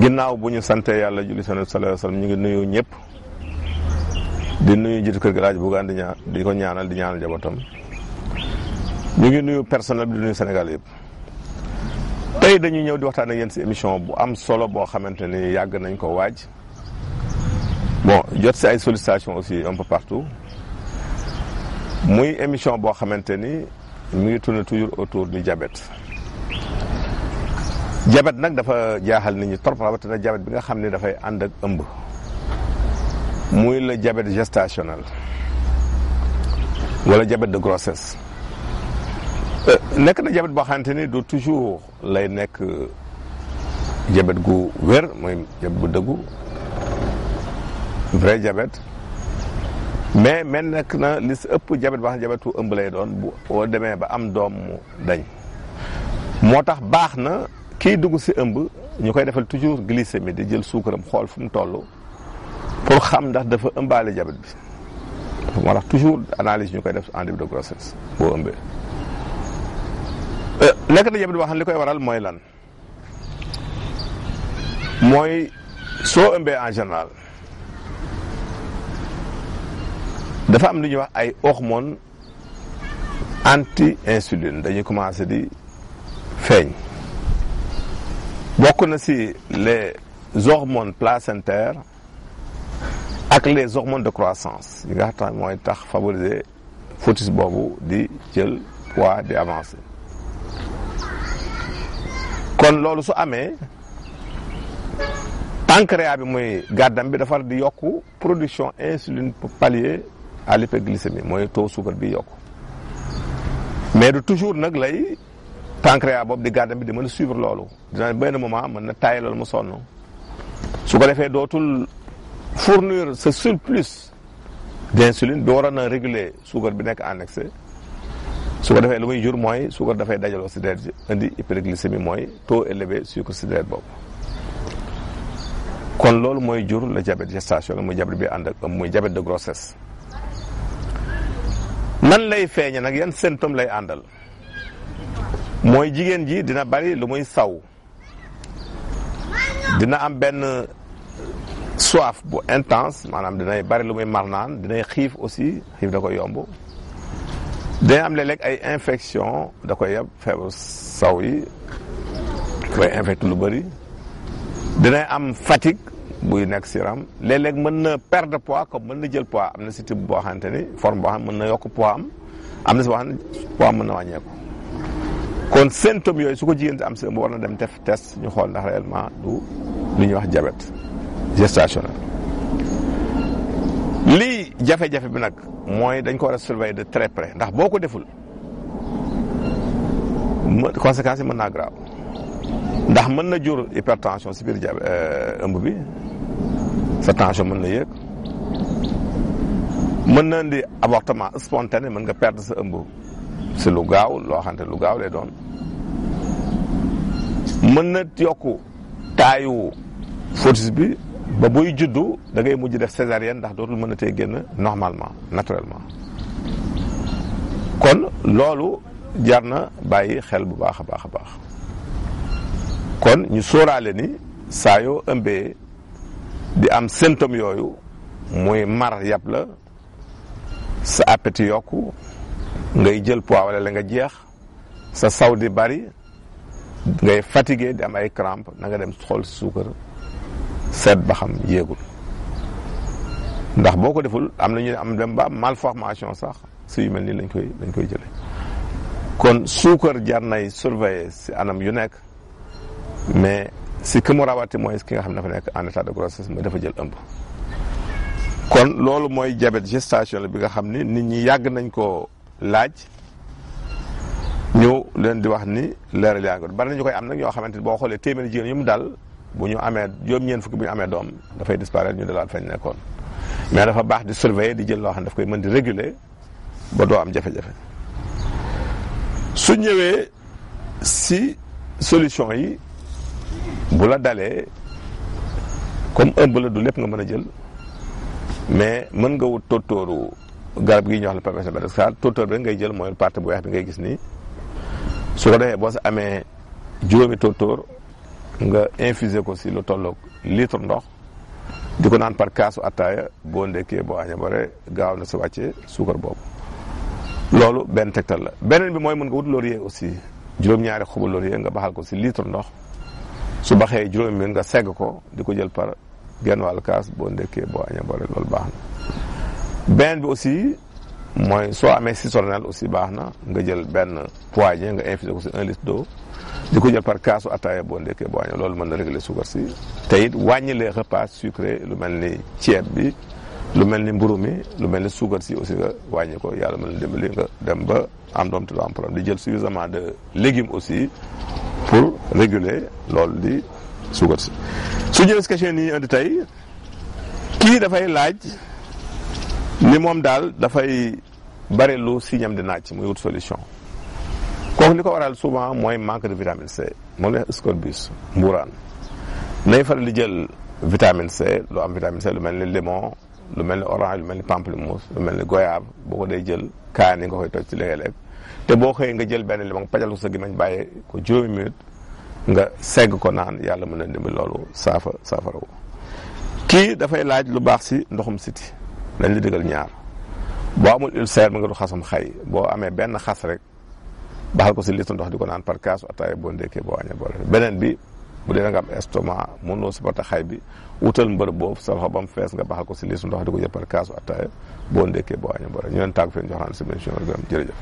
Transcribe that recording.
ginnaaw bu ñu sante yàlla julli seen sallallahu alayhi wasallam ñu ngi nuyu ñëpp di nuyu jiitu kër gi laaj bugaan di ñaan ñaanal di ñaanal jabatam ñu ngi nuyu personnel bi di nuyu Sénégal yëpp tey dañu ñëw di waxtaan a yéen si émission bu am solo boo xamante ni yàgg nañ ko waaj bon jot si ay sollicitation aussi un peu partout muy émission boo xamante ni mu ngi tourner toujours autour du jabet jabet nag dafa jaaxal nit ñi trop na jabet bi nga xam ne dafay ànd ak ëmb muy la jabet gestationnel wala jabet de grossesse euh, nekk na jabet boo xamante ni du toujours lay nekk euh, jabet gu wér mooy jabet bu dëggu vrai jabet mais mel nekk na li si ëpp jabet boo xam ne jabetu ëmb lay doon bu boo demee ba am doom mu dañ moo tax baax na kii dugg si ëmb ñu koy defal toujours glycémie di jël suukaram xool fu mu toll pour xam ndax dafa ëmbaale jabit bi moo tax toujours analyse ñu koy def en début de grossesse boo ëmbee lekk euh, na jabet boo xam ne li koy waral mooy lan mooy soo ëmbee en général dafa am lu ñuy wax ay hormones anti insuline dañuy commencé di feeñ Beaucoup na les hormones placentaires ak les hormones de croissance yi nga xam ne mooy tax favoriser fœtus boobu di jël poids di avancer kon loolu su amé, pancréas bi muy gàddam bi dafa di yokk production insuline pour pallier à l'hyperglycémie mooy taux sucre bi mais du toujours nag lay pancréas boobu di gardam bi di mën a suivre loolu dina benn moment mën na taay loolu mu sonn su ko defee dootul fournir ce surplus d'insuline bi waroon a réguler suukar bi nekk en excès defee lu muy jur mooy suukar dafay dajaloo si deret ji indi hyperglycémie mooy taux élevé sucre si deret kon loolu mooy jur le diabète gestationnel muy diabète bi ànd ak muy diabète de grossesse nan lay feeñe nag yan symptôme lay àndal mooy jigéen ji dina bari lu muy saw dina am benn soif bu intense maanaam dinay bari lu muy mar naan dinay xiif aussi xiif da koy yomb dina am léeg ay infection da ko yab feebaru saw yi koy infecté lu bëri dinay am fatigue buy nekk si yaram léeg mën na perdre poids comme mën na jël pois am na siti type boo xamante ni forme boo xam mën na yokk poids am am na si boo xam ne poids mën na wàññeeku kon symptômes yooyu su ko jigéen di am seen war na dem def test ñu xool ndax réellement du lu ñuy wax diabète gestationnel. lii jafe-jafe bi nag mooy dañ ko war a de très près ndax boo ko deful conséquences yi mën naa grave ndax mën na jur hypertension si biir ja euh, ëmb bi sa tension mën na yéeg mën na indi avortement spontané mën nga perdre sa ëmb. si lu gaaw loo xam ne lu gaaw lay doon mën na yokku taayu fœtus bi ba buy juddu da ngay mujj def césarienne ndax dootul mën a tee génn normalement naturellement kon loolu jar na bàyyi xel bu baax a baax a baax kon ñu sóoraale ni saa yoo ëmbee di am symptôme yooyu muy mar yàpp la sa appétit yokku ngay jël poids wala la nga jeex sa saw di bari ngay fatigué di am ay crampes na nga dem xool suukar seet ba xam yéegul ndax boo ko deful am na ñu am dem ba malformation sax si yu mel nii lañ koy lañ koy jëlee kon suukar jar nay surveiller si anam yu nekk mais si ki mu rawati mooy ki nga xam ne dafa nekk en état de grossesse mooy dafa jël ëmb. kon loolu mooy jabet diabète gestationnel bi nga xam ni nit ñi yàgg nañ koo laaj ñu leen di wax ni leeral yaa ngi bari nañu koy am nag ñoo xamante ni boo xoolee téeméeri jigéen yu mu dal bu ñu amee juróom ñeen fukki bu ñu amee doom dafay disparaître ñu dalaat fay nekkoon mais dafa baax di surveiller di jël loo xam ne daf koy mën di réguler ba doo am jafe-jafe su ñëwee si solution yi bu la dalee comme ëmb la du lépp nga mën a jël mais mën nga wut tóortóoru garab gi ñuy wax la permission pédescale tóortóor bi ngay jël mooy partie bu weex bi ngay gis nii su ko defee boo si amee juróomi tóortóor nga infuser ko si lu tolloog litre ndox di ko naan par kaasu attaaya boo ndekkee boo añee bare gaaw na si wàcce suukar boobu loolu benn tegtal la beneen bi mooy mën nga wut laurier aussi juróom-ñaari xobu laurier nga baxal ko si litre ndox su baxee juróomi bi nga segg ko di ko jël par genn wàll kaas boo ndekkee boo añee bare loolu baax na ben bi aussi mooy soo amee citronnelle aussi baax na nga jël benn poignée nga infusé ko si un litre d'eau di ko jël par kaasu ataaya boo ndekkee boo añoo loolu mën na régler sugar si te it wàññi les repas sucré lu mel ni ceeb bi lu mel ni mburu mi lu mel ni suukar si aussi nga wàññi ko yàlla mën na dimbali nga dem ba am doom te am problème di jël suffisamment de légumes aussi pour réguler loolu di sugar si su ñëwee si question nii indi tey kii dafay laaj ni moom daal dafay bari lu siñam di naaj muy wut solution kooku li ko waral souvent mooy manque de vitamine C moom la scorbut mbuuraan fa faral di jël vitamine C lu am vitamine C lu mel ni limon lu mel ni orange lu mel ni pamplemousse lu mel ni goyave boo ko day jël kaani nga koy toj ci léeg-léeg te boo xëyee nga jël benn limon pajal ko sa gémmiñ bàyyee ko juróomi minute nga segg ko naan yàlla mën na dimbali loolu saafa saafara kii dafay laaj lu baax si ndoxum siti dañ la digal ñaar boo amul ulcère ma nga du xasum xay boo amee benn xas rek baxal ko si litre ndox di ko naan par kaasu ataaya boo ndekkee boo añee boole beneen bi bu dee da nga am estomac mënoo supporter xay bi wutal mbërëb boobu sa loxo ba mu fees nga baxal ko si litre ndox di ko jël par kaasu ataaya boo ndekkee boo añee boole ñu leen tàggu fii jox naan subvention bi jërëjëf